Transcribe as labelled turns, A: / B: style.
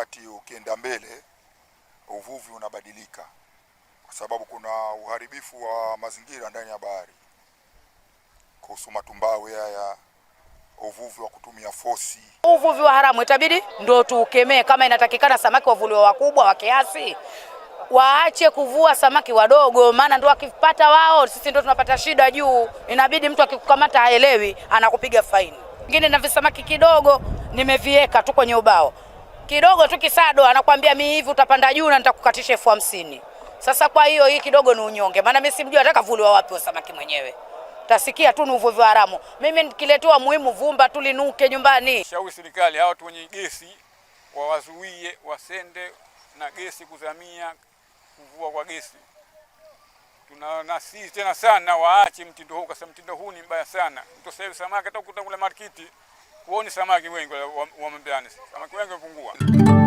A: wakati ukienda mbele uvuvi unabadilika, kwa sababu kuna uharibifu wa mazingira ndani ya bahari kuhusu matumbawe haya, uvuvi wa kutumia fosi,
B: uvuvi wa haramu, itabidi ndio tuukemee. Kama inatakikana samaki wavuliwe wakubwa wa kiasi, waache kuvua samaki wadogo, maana ndio wakipata wao, sisi ndio tunapata shida juu. Inabidi mtu akikukamata haelewi, anakupiga faini. Ingine na visamaki kidogo nimeviweka tu kwenye ubao kidogo tu kisado anakuambia mimi hivi utapanda juu na nitakukatisha elfu hamsini. Sasa kwa hiyo hii kidogo ni unyonge, maana mimi simjui hata kavuliwa wapi samaki mwenyewe, tasikia tu ni uvuvi haramu. Mimi nikiletewa muhimu vumba tulinuke nyumbani.
C: Shauri serikali hawa watu wenye gesi wawazuie wasende na gesi kuzamia kuvua kwa gesi. Tunaona sisi tena sana waache mtindo huu, kwa sababu mtindo huu ni mbaya sana. Mtu sasa hivi samaki hata ukuta kule markiti huoni samaki wengi wambiani, samaki wengi wamepungua.